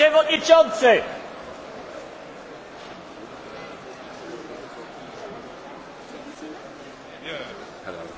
przewodniczący! Hello.